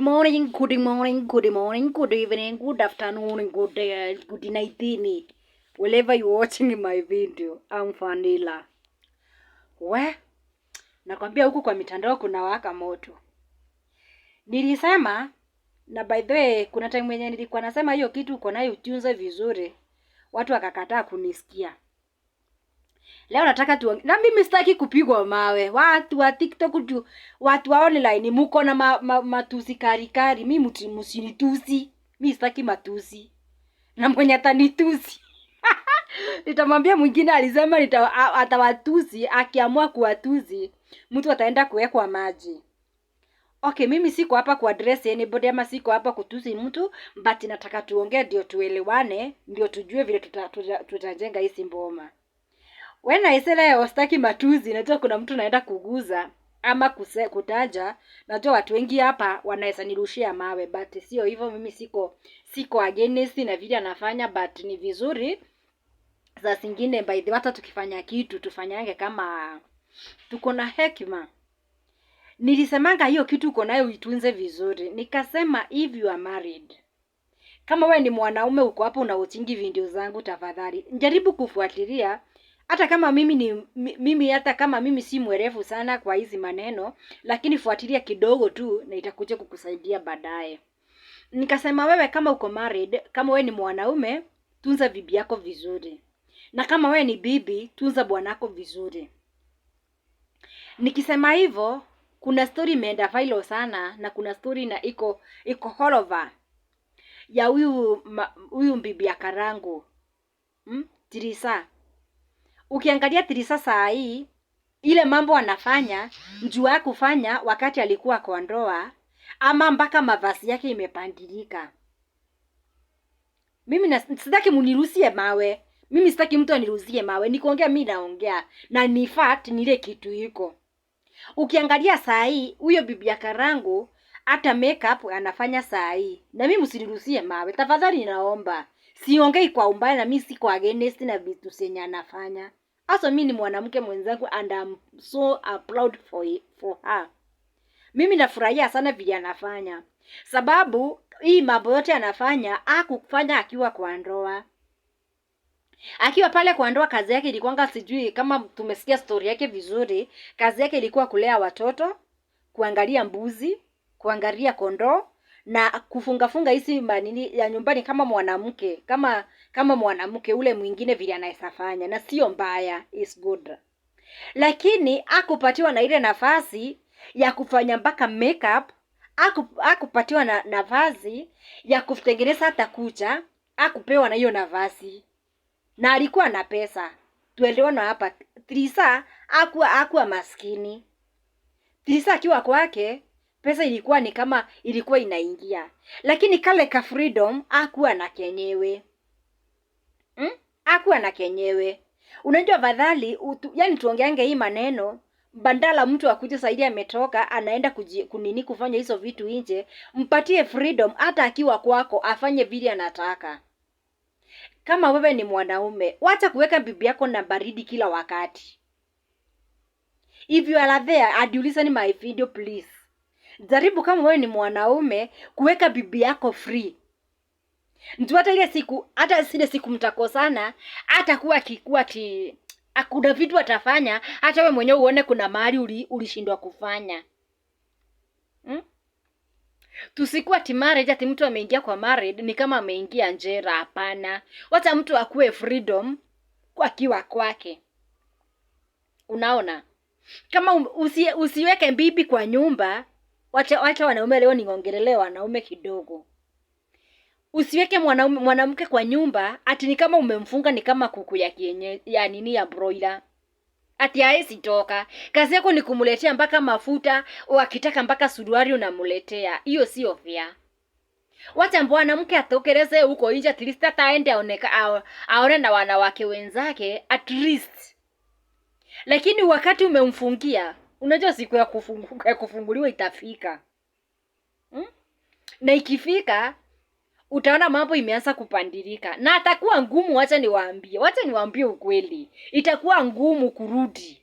morning, good morning, good morning, good evening, good afternoon, good day, uh, good night. Whenever you watching my video, I'm Vanilla. We, nakwambia huku kwa mitandao kuna waka moto. Nilisema na by the way kuna time yenye nilikuwa nasema hiyo kitu uko nayo uchunze vizuri. Watu wakakataa kunisikia. Leo nataka tu na mimi sitaki kupigwa mawe. Watu wa TikTok tu watu wa online muko na matusi ma, ma, kari kari Mimi mtu tusi Mimi sitaki matusi. Na mwenye tani tusi Nitamwambia mwingine alisema nita, atawatusi akiamua kuwatusi mtu ataenda kuwekwa maji. Okay, mimi siko hapa ku address anybody ama siko hapa kutusi mtu, but nataka tuongee ndio tuelewane, ndio tujue vile tutajenga tuta, tuta hii simboma we na isela ya wastaki matuzi, najua kuna mtu naenda kuguza ama kuse, kutaja. Najua watu wengi hapa wanaweza nirushia mawe, but sio hivyo. Mimi siko siko against na vile anafanya, but ni vizuri za zingine, by the hata tukifanya kitu tufanyange kama tuko na hekima. Nilisemanga hiyo kitu uko nayo uitunze vizuri, nikasema if you are married kama we ni mwanaume uko hapo unauchingi video zangu, tafadhali jaribu kufuatilia hata kama mimi ni mimi, hata kama mimi si mwerevu sana kwa hizi maneno, lakini fuatilia kidogo tu na itakuja kukusaidia baadaye. Nikasema wewe, kama uko married, kama wewe ni mwanaume, tunza bibi yako vizuri, na kama wewe ni bibi, tunza bwanako vizuri. Nikisema hivyo, kuna story imeenda viral sana, na kuna story na iko iko holova ya huyu huyu bibi ya Karangu hmm? Tirisa ukiangalia Tirisa saa hii ile mambo anafanya njua ya kufanya wakati alikuwa kwa ndoa, ama mpaka mavazi yake imepandilika. Mimi na, sitaki muniruhusie mawe. Mimi sitaki mtu aniruhusie mawe. Nikuongea mimi naongea na ni fact ni ile kitu iko. Ukiangalia saa hii huyo bibi ya Karangu hata makeup anafanya saa hii, na mimi msiniruhusie mawe tafadhali, naomba siongei kwa umbaya na mi siko against na vitu senye anafanya Aso mi ni mwanamke mwenzangu and I'm so proud for, it, for her mimi nafurahia sana vile anafanya sababu hii mambo yote anafanya akufanya akiwa kwa ndoa akiwa pale kwa ndoa kazi yake ilikwanga sijui kama tumesikia stori yake vizuri kazi yake ilikuwa kulea watoto kuangalia mbuzi kuangalia kondoo na kufungafunga hizi manini ya nyumbani kama mwanamke kama kama mwanamke ule mwingine vile anawezafanya na sio mbaya, is good, lakini akupatiwa na ile nafasi ya kufanya mpaka makeup, akupatiwa na nafasi ya kutengeneza hata kucha, akupewa na hiyo nafasi na alikuwa na pesa. Tuelewana hapa, Trisa akuwa akuwa maskini. Trisa akiwa kwake pesa ilikuwa ni kama ilikuwa inaingia, lakini kale ka freedom hakuwa na kenyewe hmm? hakuwa na kenyewe. Unajua vadhali utu, yani tuongeange hii maneno bandala, mtu akuja saidi ametoka anaenda kuji, kunini kufanya hizo vitu nje, mpatie freedom hata akiwa kwako afanye vile anataka. Kama wewe ni mwanaume, wacha kuweka bibi yako na baridi kila wakati. If you are there, adiuliseni my video please jaribu kama wewe ni mwanaume kuweka bibi yako free ndio hata ile siku hata sile siku mtakosana hata kuwa kikuwa ki ah, kuna vitu atafanya hata we mwenyewe uone kuna mahali ulishindwa uli kufanya hmm? Tusikuwa ti marriage ati mtu ameingia kwa marriage ni kama ameingia njera. Hapana, wacha mtu akuwe freedom akiwa kwake. Unaona, kama usi, usiweke bibi kwa nyumba wacha, wacha wanaume leo niongelee wanaume kidogo. Usiweke mwanaume mwanamke kwa nyumba ati ni kama umemfunga ni kama kuku ya kienye, ya nini ya broiler ati haezi toka. Kazi yako ni kumletea mpaka mafuta, wakitaka mpaka suruari unamletea. Hiyo sio fia. Wacha mwanamke atokeleze huko nje, at least hata aende aoneka aone na wanawake wenzake at least. Lakini wakati umemfungia Unajua siku ya kufunguka ya kufunguliwa itafika hmm? Na ikifika utaona mambo imeanza kupandilika na atakuwa ngumu. Wacha niwaambie, wacha niwaambie ukweli, itakuwa ngumu kurudi.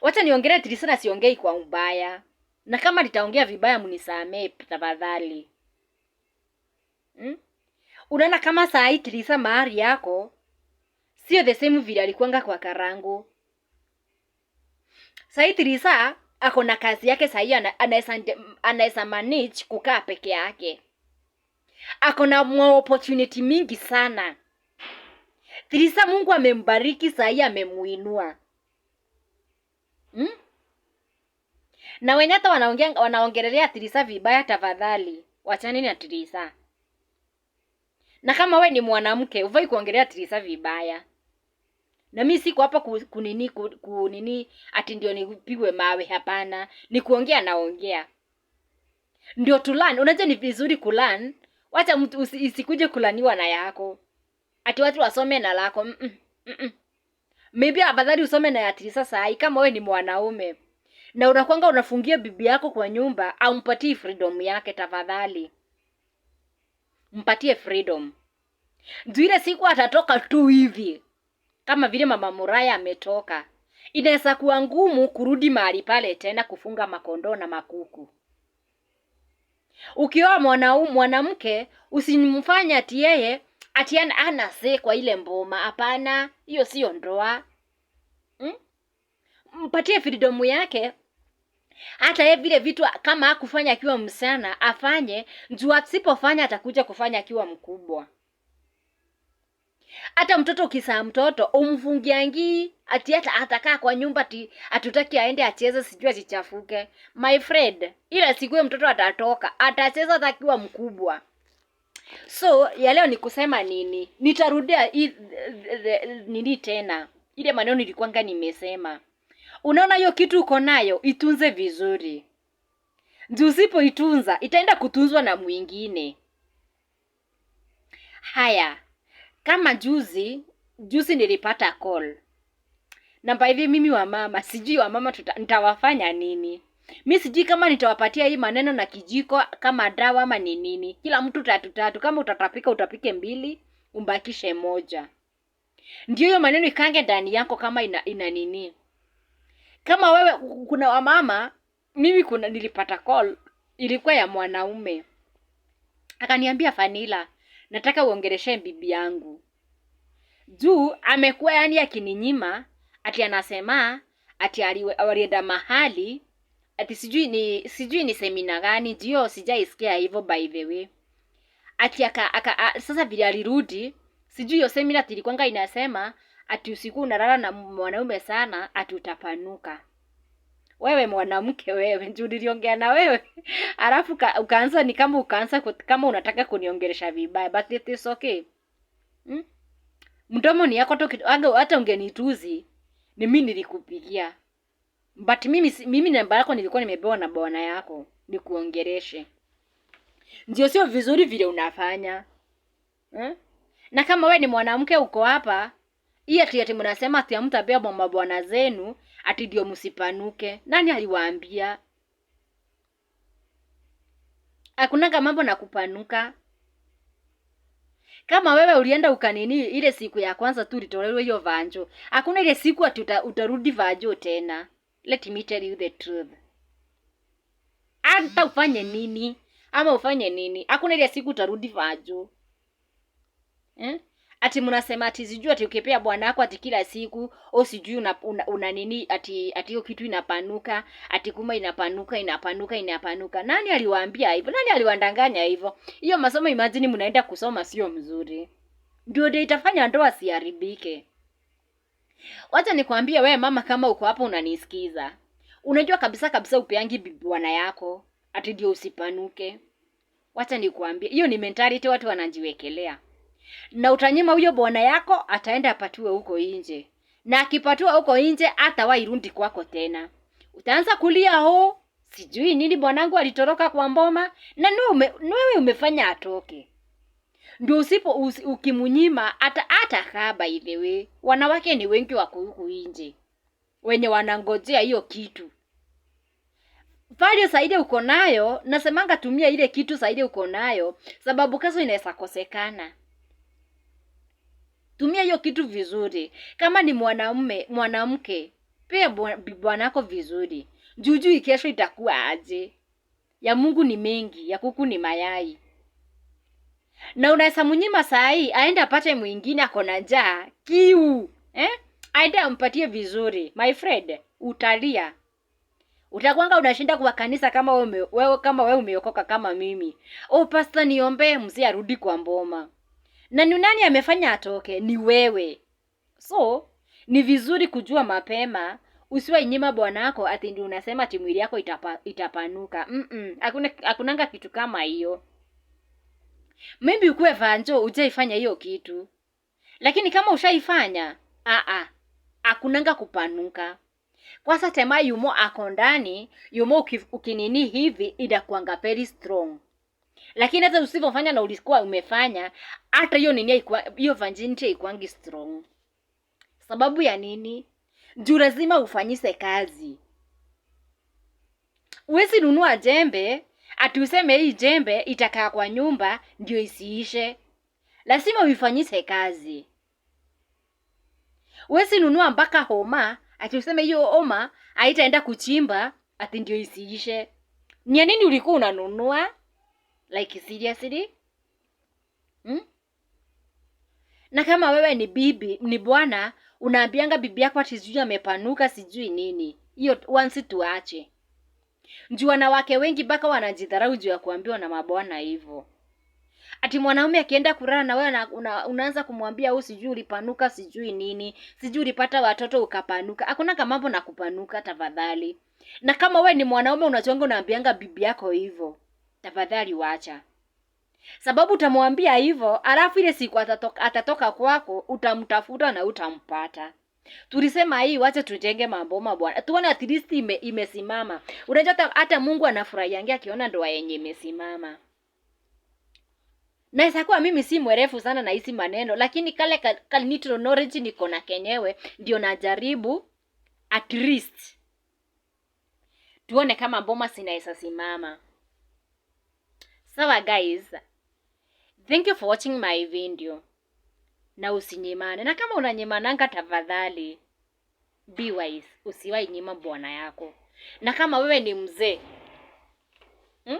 Wacha niongelee Tilisana, siongei kwa ubaya, na kama nitaongea vibaya mnisamee tafadhali hmm? Unaona kama saa hii Tilisa mahali yako sio the same vile alikuanga kwa Karangu sai Risa ako na kazi yake sahii, anaweza manage kukaa peke yake, ako na opportunity mingi sana. Risa Mungu amembariki sahii, amemuinua hmm? na wenye hata wanaongelelea Tirisa vibaya, tafadhali wachaneni na Tirisa. Na kama we ni mwanamke, uvai kuongelea Tirisa vibaya na mi siko hapa kunini kunini ati ndio nipigwe mawe. Hapana, ni kuongea naongea ndio tulan. Unajua ni vizuri kulan, wacha mtu isikuje kulaniwa na yako ati watu wasome na lako. mm -mm, mm -mm. Maybe afadhali usome na yati sasa hai, kama we ni mwanaume na unakwanga unafungia bibi yako kwa nyumba, au mpatie freedom yake tafadhali, mpatie freedom juu ile siku atatoka tu hivi kama vile Mama Muraya ametoka, inaweza kuwa ngumu kurudi mahali pale tena kufunga makondoo na makuku. Ukioa mwanamke usimfanye ati yeye ati ana se kwa ile mboma. Hapana, hiyo sio ndoa hmm? Mpatie freedom yake hata yeye vile vitu kama akufanya akiwa msana afanye, juu asipofanya atakuja kufanya akiwa mkubwa hata mtoto ukisaa mtoto umfungiangii ati hata atakaa kwa nyumba ti atutaki aende acheze sijui achichafuke. My friend, ila sikuwe mtoto atatoka atacheza takiwa mkubwa. So ya leo ni kusema nini? Nitarudia e, e, nini tena ile maneno nilikuanga nimesema. Unaona hiyo kitu uko nayo itunze vizuri, ndio itunza itaenda kutunzwa na mwingine. Haya. Kama juzi juzi nilipata call na by the mimi wa mama sijui wa mama nitawafanya nini. Mi sijui kama nitawapatia hii maneno na kijiko kama dawa ama ni nini. Kila mtu tatu tatu, kama utatapika utapike mbili, umbakishe moja. Ndio hiyo maneno ikange ndani yako kama ina, ina nini. Kama wewe kuna wamama, mimi kuna nilipata call ilikuwa ya mwanaume. Akaniambia fanila nataka uongeleshe bibi yangu juu amekuwa yani akininyima ati anasema ati alienda mahali ati sijui ni sijui ni semina gani ndio sijaisikia hivyo by the way ati aka, aka a, sasa vile alirudi sijui hiyo semina tilikwanga inasema ati usiku unalala na mwanaume sana ati utapanuka wewe mwanamke wewe juu niliongea na wewe alafu ukaanza ni kama ukaanza kama unataka kuniongelesha vibaya but it is okay hmm? mdomo ni yako hata ungenituzi ni mimi nilikupigia but mimi mimi namba yako nilikuwa nimepewa na bwana yako nikuongereshe ndio sio vizuri vile unafanya eh? na kama wewe ni mwanamke uko hapa hii ati ati mnasema ati amtapea mabwana zenu ati ndio msipanuke. Nani aliwaambia? Hakunanga mambo na kupanuka. Kama wewe ulienda ukanini ile siku ya kwanza tu ulitolewa hiyo vanjo, hakuna ile siku ati utarudi vanjo tena. Let me tell you the truth, hata ufanye nini ama ufanye nini, hakuna ile siku utarudi vanjo eh? ati mnasema ati sijui ati ukipea bwana wako ati kila siku au sijui una, una, una nini ati ati hiyo kitu inapanuka ati kuma inapanuka inapanuka inapanuka. Nani aliwaambia hivyo? Nani aliwadanganya hivyo? Hiyo masomo imagine mnaenda kusoma sio mzuri, ndio ndio itafanya ndoa siharibike. Wacha nikwambie we mama, kama uko hapo unanisikiza, unajua kabisa kabisa upeangi bwana yako ati ndio usipanuke. Wacha nikwambie hiyo ni mentality watu wanajiwekelea na utanyima huyo bwana yako, ataenda apatiwe huko nje, na akipatiwa huko nje hata wairundi kwako tena, utaanza kulia ho, sijui nini, bwanangu alitoroka kwa mboma, na wewe ume, umefanya atoke. Ndio usipo usi, ukimunyima hata hata kaba ilewe, wanawake ni wengi wako huku nje wenye wanangojea hiyo kitu pale saidi uko nayo, nasemanga tumia ile kitu saidi uko nayo, sababu kazo inaweza kosekana tumia hiyo kitu vizuri. Kama ni mwanamume mwanamke, pia bwanako vizuri, jujui kesho itakuwa aje. Ya Mungu ni mengi, ya kuku ni mayai. Na unaweza mnyima saa hii aende apate mwingine ako na njaa kiu, eh? Aende ampatie vizuri, my friend, utalia utakwanga unashinda kwa kanisa kama wewe, kama wewe umeokoka kama mimi. Oh pastor, niombee mzee arudi kwa mboma na ni nani amefanya atoke? Ni wewe. So ni vizuri kujua mapema, usiwe nyima wako ati ndio unasema timu yako itapa, itapanuka. Mm-mm. Hakuna hakunanga kitu kama hiyo. Maybe ukuwe vanjo ujaifanya hiyo kitu, lakini kama ushaifanya a hakunanga kupanuka. Kwa sasa tema yumo ako ndani yumo ukinini hivi, kuanga very strong lakini hata usivyofanya na ulikuwa umefanya, hata hiyo nini hiyo virginity haikuangi strong. Sababu ya nini? Juu lazima ufanyise kazi. Uwezi nunua jembe ati useme hii jembe itakaa kwa nyumba ndio isiishe. Lazima uifanyise kazi. Uwezi nunua mpaka homa ati useme hiyo homa haitaenda kuchimba ati ndio isiishe. Ni nini ulikuwa unanunua? like seriously hmm? na kama wewe ni bibi ni bwana unaambianga bibi yako ati sijui amepanuka sijui nini hiyo once tuache juu wanawake wengi mpaka wanajidharau juu ya kuambiwa na mabwana hivyo ati mwanaume akienda kulala na wewe una, unaanza kumwambia u oh, sijui ulipanuka sijui nini sijui ulipata watoto ukapanuka hakuna kama mambo na kupanuka tafadhali na kama we ni mwanaume unachonga unaambianga bibi yako hivyo tafadhali wacha. Sababu utamwambia hivyo, alafu ile siku atatoka, atatoka kwako, utamtafuta na utampata. Tulisema hii wacha tujenge maboma bwana. Tuone at least ime, imesimama. Unajua hata Mungu anafurahianga akiona ndoa yenye imesimama. Na kuwa mimi si mwerefu sana na hizi maneno, lakini kale kalnitro nitro knowledge niko na kenyewe ndio najaribu at least tuone kama mboma zinaweza simama. Sawa guys, thank you for watching my video, na usinyimane, na kama unanyimananga, tafadhali be wise, usiwai nyima bwana yako. Na kama wewe ni mzee hmm?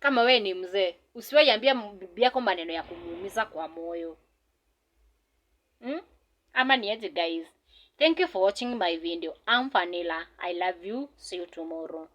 Kama wewe ni mzee usiwahi ambia bibi yako maneno ya kumuumiza kwa moyo hmm? Ama ni aje guys? Thank you for watching my video. I'm Vanilla. I love you. See you tomorrow.